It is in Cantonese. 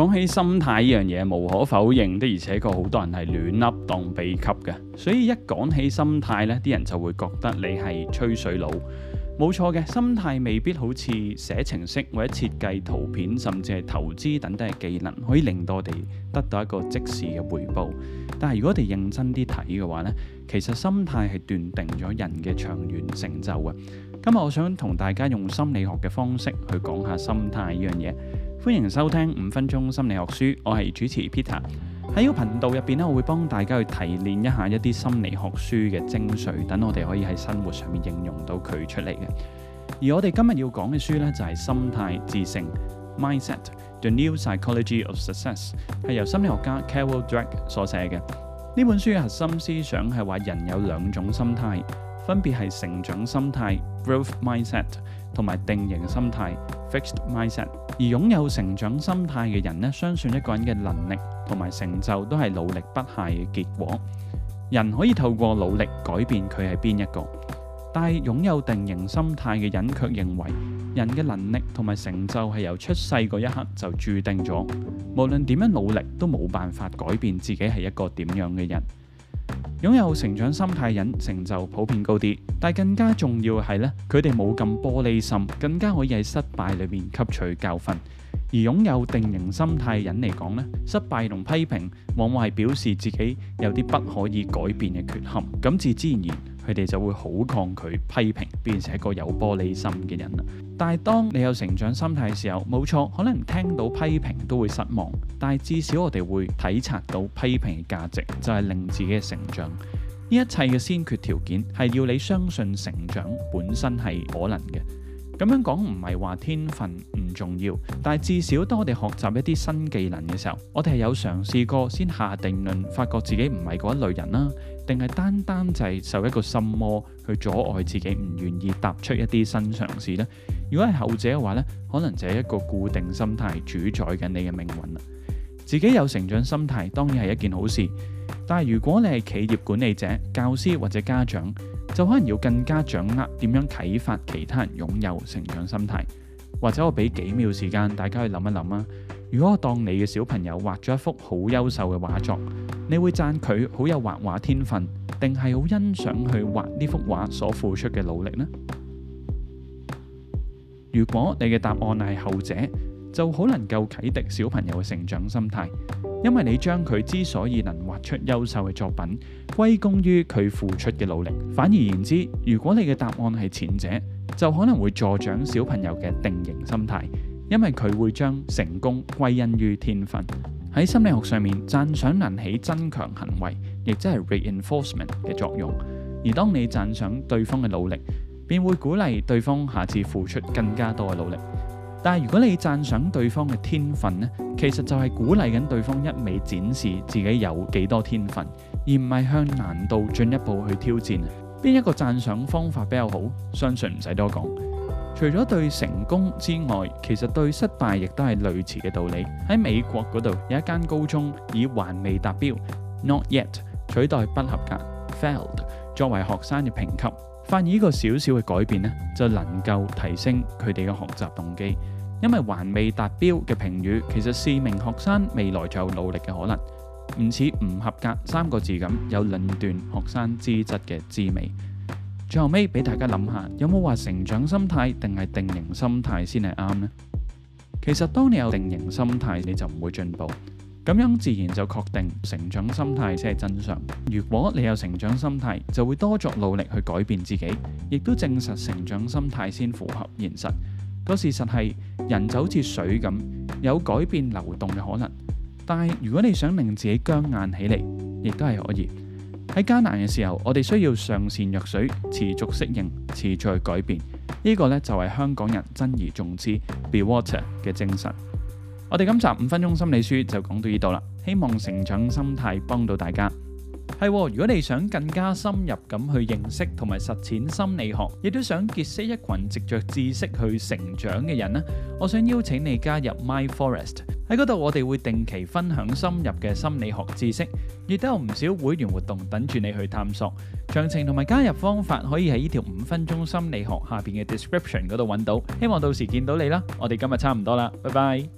講起心態呢樣嘢，無可否認的，而且確好多人係亂凹當秘笈嘅，所以一講起心態呢，啲人就會覺得你係吹水佬。冇錯嘅，心態未必好似寫程式或者設計圖片，甚至係投資等等嘅技能，可以令到我哋得到一個即時嘅回報。但係如果我哋認真啲睇嘅話呢，其實心態係斷定咗人嘅長遠成就嘅。今日我想同大家用心理學嘅方式去講下心態呢樣嘢。歡迎收聽五分鐘心理學書，我係主持 Peter 喺個頻道入邊咧，我會幫大家去提煉一下一啲心理學書嘅精髓，等我哋可以喺生活上面應用到佢出嚟嘅。而我哋今日要講嘅書呢，就係、是《心態致勝》（Mindset: The New Psychology of Success），係由心理學家 Carol Dweck 所寫嘅。呢本書嘅核心思想係話人有兩種心態，分別係成長心態 （growth mindset） 同埋定型心態 （fixed mindset）。而擁有成長心態嘅人呢，相信一個人嘅能力同埋成就都係努力不懈嘅結果。人可以透過努力改變佢係邊一個，但係擁有定型心態嘅人卻認為。人嘅能力同埋成就係由出世嗰一刻就注定咗，無論點樣努力都冇辦法改變自己係一個點樣嘅人。擁有成長心態人成就普遍高啲，但更加重要係咧，佢哋冇咁玻璃心，更加可以喺失敗裏面吸取教訓。而擁有定型心態嘅人嚟講呢，失敗同批評往往係表示自己有啲不可以改變嘅缺陷，咁自自然然佢哋就會好抗拒批評，變成一個有玻璃心嘅人啦。但係當你有成長心態嘅時候，冇錯，可能聽到批評都會失望，但係至少我哋會體察到批評嘅價值，就係令自己成長。呢一切嘅先決條件係要你相信成長本身係可能嘅。咁樣講唔係話天分唔重要，但係至少當我哋學習一啲新技能嘅時候，我哋係有嘗試過先下定論，發覺自己唔係嗰一類人啦，定係單單就係受一個心魔去阻礙自己，唔願意踏出一啲新嘗試呢？如果係後者嘅話呢，可能就係一個固定心態主宰緊你嘅命運。自己有成長心態，當然係一件好事。但係如果你係企業管理者、教師或者家長，就可能要更加掌握點樣啟發其他人擁有成長心態。或者我俾幾秒時間大家去諗一諗啊。如果我當你嘅小朋友畫咗一幅好優秀嘅畫作，你會讚佢好有畫畫天分，定係好欣賞佢畫呢幅畫所付出嘅努力呢？如果你嘅答案係後者，就好能夠啟迪小朋友嘅成長心態。因為你將佢之所以能畫出優秀嘅作品歸功於佢付出嘅努力，反而言之，如果你嘅答案係前者，就可能會助長小朋友嘅定型心態，因為佢會將成功歸因於天分。喺心理學上面，讚賞能起增強行為，亦即係 reinforcement 嘅作用。而當你讚賞對方嘅努力，便會鼓勵對方下次付出更加多嘅努力。但係如果你讚賞對方嘅天分呢，其實就係鼓勵緊對方一味展示自己有幾多天分，而唔係向難度進一步去挑戰。邊一個讚賞方法比較好？相信唔使多講。除咗對成功之外，其實對失敗亦都係類似嘅道理。喺美國嗰度有一間高中以還未達標 （not yet） 取代不合格 （failed） 作為學生嘅評級。發現呢個少少嘅改變呢，就能夠提升佢哋嘅學習動機，因為還未達標嘅評語，其實四名學生未來就有努力嘅可能，唔似唔合格三個字咁有論斷學生資質嘅滋味。最後尾俾大家諗下，有冇話成長心態定係定型心態先係啱呢？其實當你有定型心態，你就唔會進步。咁樣自然就確定成長心態先係真相。如果你有成長心態，就會多作努力去改變自己，亦都證實成長心態先符合現實。個事實係人就好似水咁，有改變流動嘅可能。但係如果你想令自己僵硬起嚟，亦都係可以。喺艱難嘅時候，我哋需要上善若水，持續適應，持續去改變。呢個呢，就係香港人珍而重之 be water 嘅精神。我哋今集五分鐘心理書就講到呢度啦。希望成長心態幫到大家係。如果你想更加深入咁去認識同埋實踐心理學，亦都想結識一群藉著知識去成長嘅人咧，我想邀請你加入 MindForest。喺嗰度，我哋會定期分享深入嘅心理學知識，亦都有唔少會員活動等住你去探索。詳情同埋加入方法可以喺呢條五分鐘心理學下邊嘅 description 嗰度揾到。希望到時見到你啦。我哋今日差唔多啦，拜拜。